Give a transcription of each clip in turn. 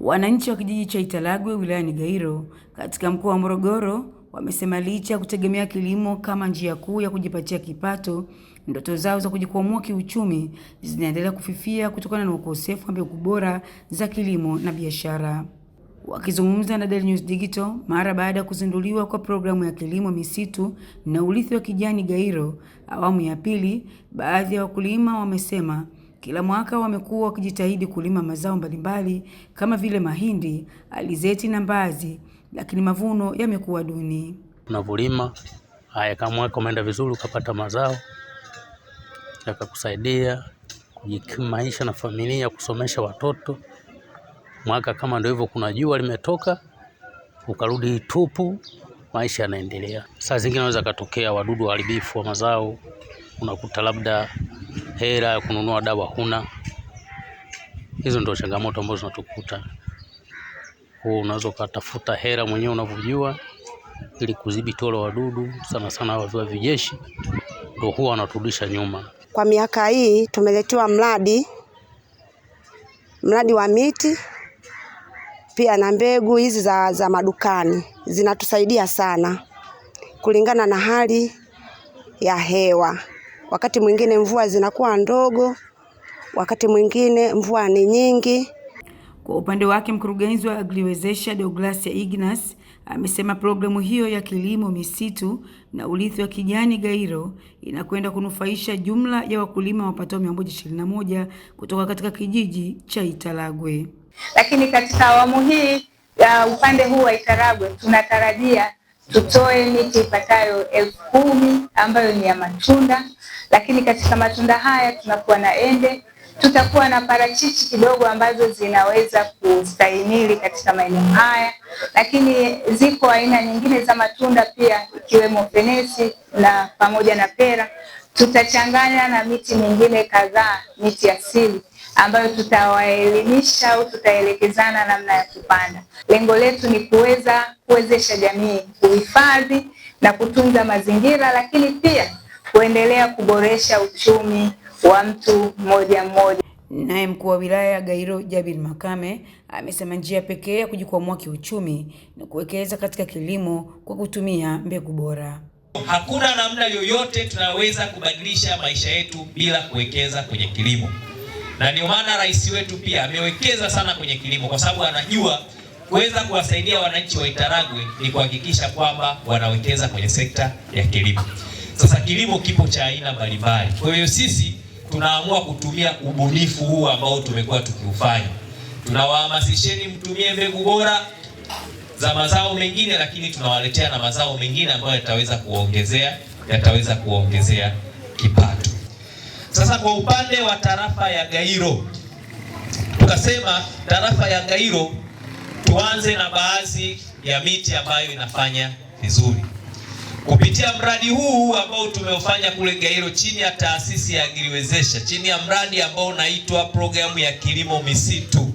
Wananchi wa kijiji cha Italagwe wilayani Gairo katika mkoa wa Morogoro wamesema licha ya kutegemea kilimo kama njia kuu ya kujipatia kipato, ndoto zao za kujikwamua kiuchumi zinaendelea kufifia kutokana na ukosefu wa mbegu bora za kilimo na biashara. Wakizungumza na Daily News Digital mara baada ya kuzinduliwa kwa programu ya kilimo misitu na urithi wa kijani Gairo awamu ya pili, baadhi ya wakulima wamesema kila mwaka wamekuwa wakijitahidi kulima mazao mbalimbali kama vile mahindi, alizeti na mbazi lakini mavuno yamekuwa duni. Tunavulima haya, kama mwaka umeenda vizuri, ukapata mazao yakakusaidia kujikimu maisha na familia, kusomesha watoto. Mwaka kama ndio hivyo, kuna jua limetoka, ukarudi tupu, maisha yanaendelea. Saa zingine naweza katokea wadudu waharibifu wa mazao, unakuta labda hela ya kununua dawa huna. Hizo ndio changamoto ambazo zinatukuta. huu unaweza ukatafuta hela mwenyewe unavyojua, ili kudhibiti wale wadudu, sana sana hawa viwavi jeshi ndio huwa wanaturudisha nyuma. Kwa miaka hii tumeletewa mradi mradi wa miti pia na mbegu hizi za, za madukani zinatusaidia sana kulingana na hali ya hewa wakati mwingine mvua zinakuwa ndogo, wakati mwingine mvua ni nyingi. Kwa upande wake mkurugenzi wa Agriwezesha Deoglasia Ignas amesema programu hiyo ya kilimo, misitu na urithi wa kijani GAIRO inakwenda kunufaisha jumla ya wakulima wapatao moja kutoka katika kijiji cha Itaragwe. Lakini katika awamu hii ya upande huu wa Itaragwe tunatarajia tutoe miti ipatayo elfu kumi ambayo ni ya matunda lakini katika matunda haya tunakuwa na ende, tutakuwa na parachichi kidogo ambazo zinaweza kustahimili katika maeneo haya, lakini ziko aina nyingine za matunda pia ikiwemo fenesi na pamoja na pera. Tutachanganya na miti mingine kadhaa, miti asili ambayo tutawaelimisha au tutaelekezana namna ya kupanda. Lengo letu ni kuweza kuwezesha jamii kuhifadhi na kutunza mazingira, lakini pia kuendelea kuboresha uchumi wa mtu mmoja mmoja. Naye mkuu wa wilaya ya Gairo Jabir Makame amesema njia pekee ya kujikwamua kiuchumi ni kuwekeza katika kilimo kwa kutumia mbegu bora. Hakuna namna yoyote tunaweza kubadilisha maisha yetu bila kuwekeza kwenye kilimo, na ndio maana rais wetu pia amewekeza sana kwenye kilimo, kwa sababu anajua kuweza kuwasaidia wananchi wa Itaragwe ni kuhakikisha kwamba wanawekeza kwenye sekta ya kilimo. Sasa kilimo kipo cha aina mbalimbali, kwa hiyo sisi tunaamua kutumia ubunifu huu ambao tumekuwa tukiufanya. Tunawahamasisheni mtumie mbegu bora za mazao mengine, lakini tunawaletea na mazao mengine ambayo yataweza kuongezea yataweza kuongezea kipato. Sasa kwa upande wa tarafa ya Gairo, tukasema tarafa ya Gairo tuanze na baadhi ya miti ambayo inafanya vizuri. Kupitia mradi huu ambao tumeufanya kule Gairo chini ya taasisi ya Agriwezesha, chini ya mradi ambao unaitwa programu ya kilimo misitu,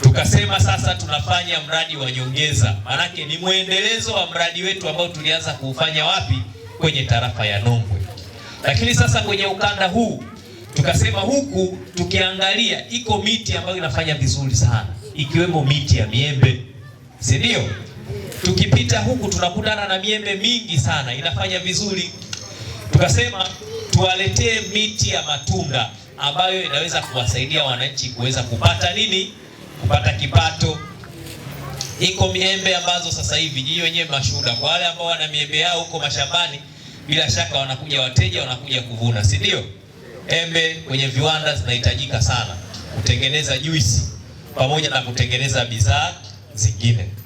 tukasema sasa tunafanya mradi wa nyongeza, maanake ni mwendelezo wa mradi wetu ambao tulianza kuufanya wapi? Kwenye tarafa ya Nongwe. Lakini sasa kwenye ukanda huu tukasema, huku tukiangalia iko miti ambayo inafanya vizuri sana, ikiwemo miti ya miembe, si ndio? tukipita huku tunakutana na miembe mingi sana inafanya vizuri, tukasema tuwaletee miti ya matunda ambayo inaweza kuwasaidia wananchi kuweza kupata nini, kupata kipato. Iko miembe ambazo sasa hivi nyinyi wenyewe mashuhuda, kwa wale ambao wana miembe yao huko mashambani, bila shaka wanakuja wateja, wanakuja kuvuna, si ndio? Embe kwenye viwanda zinahitajika sana kutengeneza juisi pamoja na kutengeneza bidhaa zingine.